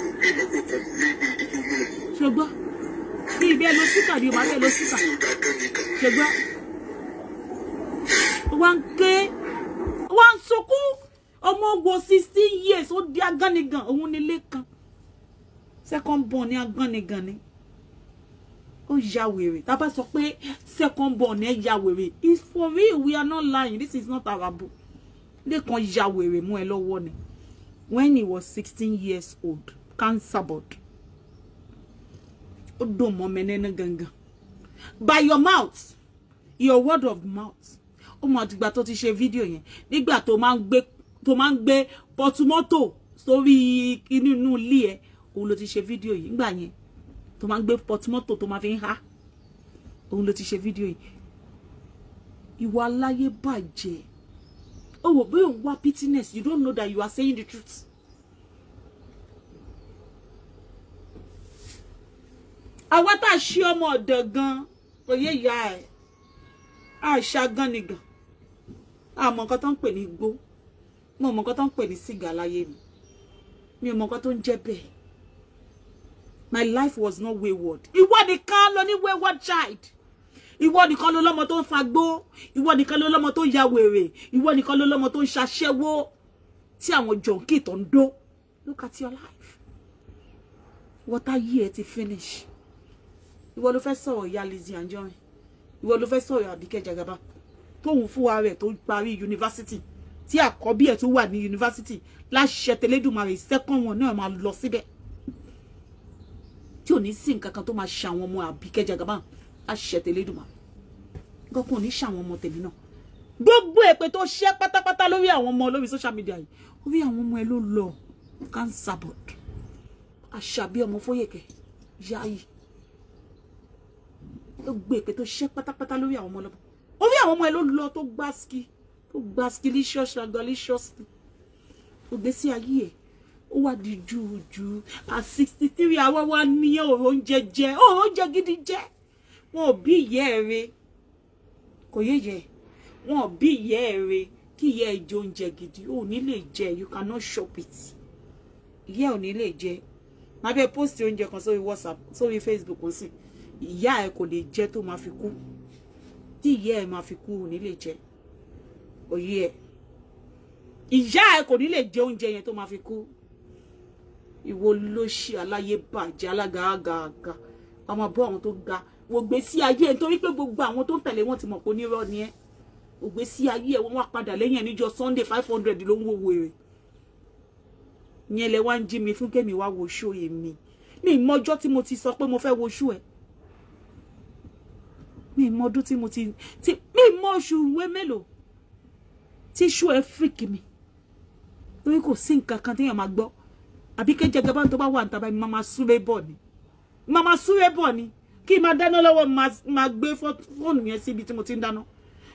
ṣùgbọ́n ní ibi ẹ lọ síkà ni màá bẹ lọ síkà ṣùgbọ́n wá ń ké wá ń sunkún ọmọ wo sixteen years ó di agánigan òun ni lẹ́kan second born ni agánigan ni ó ya wèrè tá a bá sọ pé second born ẹ ya wèrè it's for real we are not lying this is not our book lẹ́kan ya wèrè mú ẹ lọ́wọ́ ni when he was 16 years old cancer board ó dùn mọ́ mẹ́nẹ́ná gangan by your mouth your word of mouth ó máa dìgbà tó ti ṣe fídíò yẹn nígbà tó máa ń gbé pọtumọ́tò sórí inú ilé ẹ òun ló ti ṣe fídíò yìí nígbà yẹn tó máa ń gbé pọtumọ́tò tó máa fi ń há òun ló ti ṣe fídíò yìí ìwà aláyé bàjẹ́ ó wò bí òun wá pitiness you don't know that you are saying the truth. àwa tá a ṣe ọmọ ọ̀dọ̀ gan-an òye ìyá ẹ̀ àṣà gan-an nìgan àmọ́ nǹkan tó ń pè ní igbó mo mọ̀ nǹkan tó ń pè ní sìgá láyé mi mi ò mọ̀ nǹkan tó ń jẹ́ bẹ́ẹ̀ my life was not wayward ìwọ nìkan ló ní wayward child ìwọ nìkan ló lọ́mọ tó ń fagbó ìwọ nìkan ló lọ́mọ tó ń ya wèrè ìwọ nìkan ló lọ́mọ tó ń ṣaṣẹ́wó tí àwọn jọ̀ǹkì tó ń dó look at your life water year ti finish ìwọ ló fẹ́ sọ̀rọ̀ ìyá Lizzy Anjorin ìwọ ló fẹ́ sọ̀rọ̀ Àbíkẹ́ jagaba tóun fúnra rẹ̀ tó parí yunifásitì tí àkọ́bí ẹ̀ tó wà ní yunifásitì láṣẹ tẹlẹ́dùmarè second one náà máa lọ síbẹ̀ tí ò ní sí nǹkan kan tó máa ṣe àwọn ọmọ Àbíkẹ́ Jagaban láṣẹ tẹlẹ́dùmarè nǹkan kan ò ní ṣe àwọn ọmọ tèmi náà gbogbo èpè tó ṣe pátápátá lórí àwọn ọmọ lórí social media yìí orí àwọn ọmọ ẹ ló lọ cancer board àṣàbí ọmọ Fóyèkẹ yáyì gbogbo èpè tó ṣe pátápátá lórí àwọn ọmọ lọ́mọ orí àwọn ọmọ ẹ ló lọ tó gbáski tó gbáski licious shagaliciously ògbésí ayé ẹ ó wà di jùjù at sixty three àwọn wa ní òrò oúnjẹ jẹ òrò oúnjẹ gidi jẹ wọn ò bí ìyá ẹ re kò yéye wọn ò bí ìyá ẹ re kí ìyá ẹ jẹ oúnjẹ gidi ò ní lè jẹ you cannot shop it ìyá ò ní lè jẹ máa bẹ post oúnjẹ kan sórí WhatsApp sórí Facebook ó sì ìyá ẹ kò lè jẹ tó máa fi kú tí ìyá ẹ máa fi kú ò ní lè jẹ òye ẹ ìyá ẹ kò ní lè jẹ oúnjẹ yẹn tó máa fi kú ìwo ló ṣe aláyé bàjẹ́ alágàágàágà ọmọ bọ́ àwọn tó ga ògbé sí ayé ẹ nítorí pé gbogbo àwọn tó ń tẹ̀lé wọn ti mọ̀ pé onírọ́ ni ẹ ògbé sí ayé ẹ wọ́n wá padà lẹ́yìn ẹ níjọ́ Sunday five hundred ló ń wo wèrè yẹn lẹ wá ń jí mi fún kémi wá wo ṣó èmi mi ìmọ̀jọ́ tí mo ti sọ pé mo fẹ́ wo ṣó ẹ̀ mi mọ ọdún tí mo ti ti mi mọ oṣù ìwé mélòó tí ṣú ẹ fíríkì mi lórí kò sí nǹkan kan téèyàn máa gbọ́ àbí kéjẹ gaba tó bá wà níta báyìí máa súré bọ̀ ni máa súré bọ̀ ni kí n máa dáná lọ́wọ́ máa gbé fóònù yẹn síbi tí mo ti ń dáná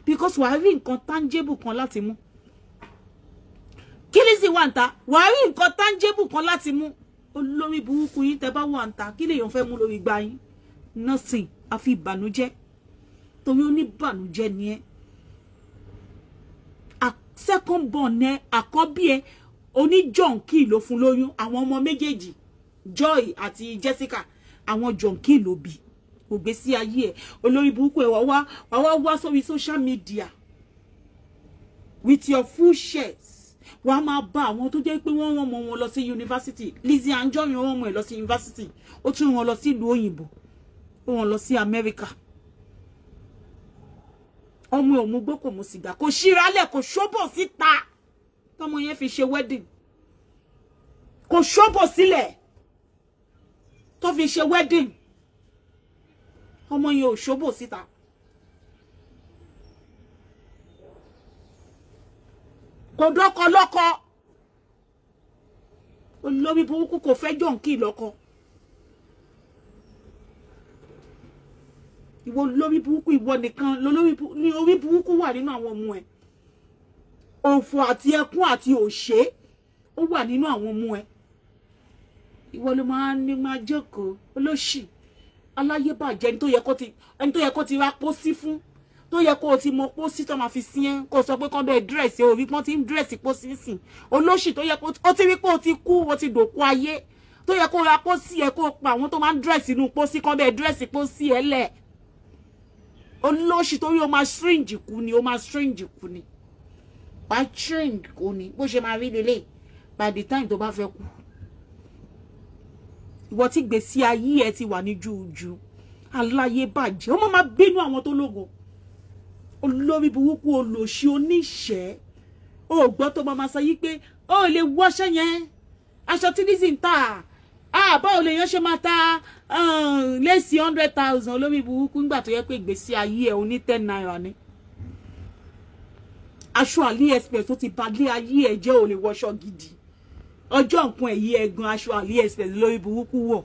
because wàá rí nǹkan tangible kan láti mú kí Lizzy wà níta wàá rí nǹkan tangible kan láti mú olórí burúkú yín tẹ bá wà níta kí lèèyàn fẹ́ mú lórí gbá yín nothing àfi ìbànújẹ́ torí oníbànújẹ́ ni ẹ́ second born ẹ àkọ́bí ẹ oníjọ̀ǹkì ló fún lóyún àwọn ọmọ méjèèjì Joy àti Jessica àwọn jọ̀ǹkì ló bí kò gbé sí ayé ẹ olórí burúkú ẹ wá wá wá wá sórí social media with your full shares wà á máa bá àwọn tó jẹ́ pé wọ́n rán ọmọ wọn lọ sí yunifásitì Lizzy Anjorin rán ọmọ ẹ̀ lọ sí yunifásitì ó tún rán lọ sí ìlú òyìnbó ó lọ sí Amẹ́ríkà ọmọ ẹ̀ ò mu gbó kò mu sìgá kò ṣíralẹ̀ kò ṣóbò síta tọmọ yẹn fi ṣe wedding kò ṣóbò sílẹ̀ tó fi ṣe wedding ọmọ yẹn ò ṣóbò síta. kò dọ́kọ lọ́kọ olórí burúkú kò fẹ́ jọ̀ǹkì lọ́kọ. ìwọ lórí burúkú ìwọ nìkan ní orí burúkú wà nínú àwọn ọmọ ẹ òfò àti ẹkún àti òṣè ó wà nínú àwọn ọmọ ẹ ìwọ ló máa ní máa jókòó olóṣì aláyébàjẹ́ ẹni tó yẹ kó ti ra pósí fún tó yẹ kó o ti mọ pósí tó máa fi sí ẹ kó o sọ pé kán bẹ dírẹ̀sì o rí pọ́n ti ń dírẹ̀sì pósí sìn olóṣì tó yẹ kó o ti rí pé o ti kú o ti dòkú ayé tó yẹ kó o ra pósí ẹ kó o pa àwọn tó máa ń dírẹ̀sì inú pósí kán bẹ dírẹ̀sì pósí ẹ lẹ̀ olóṣì torí o máa string kú ni o máa string kú ni wàá string kú ni bó ṣe máa rí lélẹ̀ by the time tó bá fẹ́ kú ìwọ tí gbèsè ayé ẹ ti wà ní júùjú aláyé bàjẹ́ ó má má bínú àwọn tó lógo olórí burúkú olòṣì oníṣẹ́ ó gbọ́ tó máa ma sọ yí pé ó lè wọṣẹ́ yẹn aṣọ tí Lizzy ń ah báwo lèèyàn ṣe máa ta um, lẹ́sì hundred thousand olómi burúkú nígbà tó yẹ pé ìgbésí ayé ẹ̀ oní ten naira ni aṣọ AliExpress tó ti balé ayé ẹ̀ jẹ́ ò lè wọṣọ gidi ọjọ́ nǹkan ẹ̀yí ẹ̀gan aṣọ AliExpress lórí burúkú wọ̀.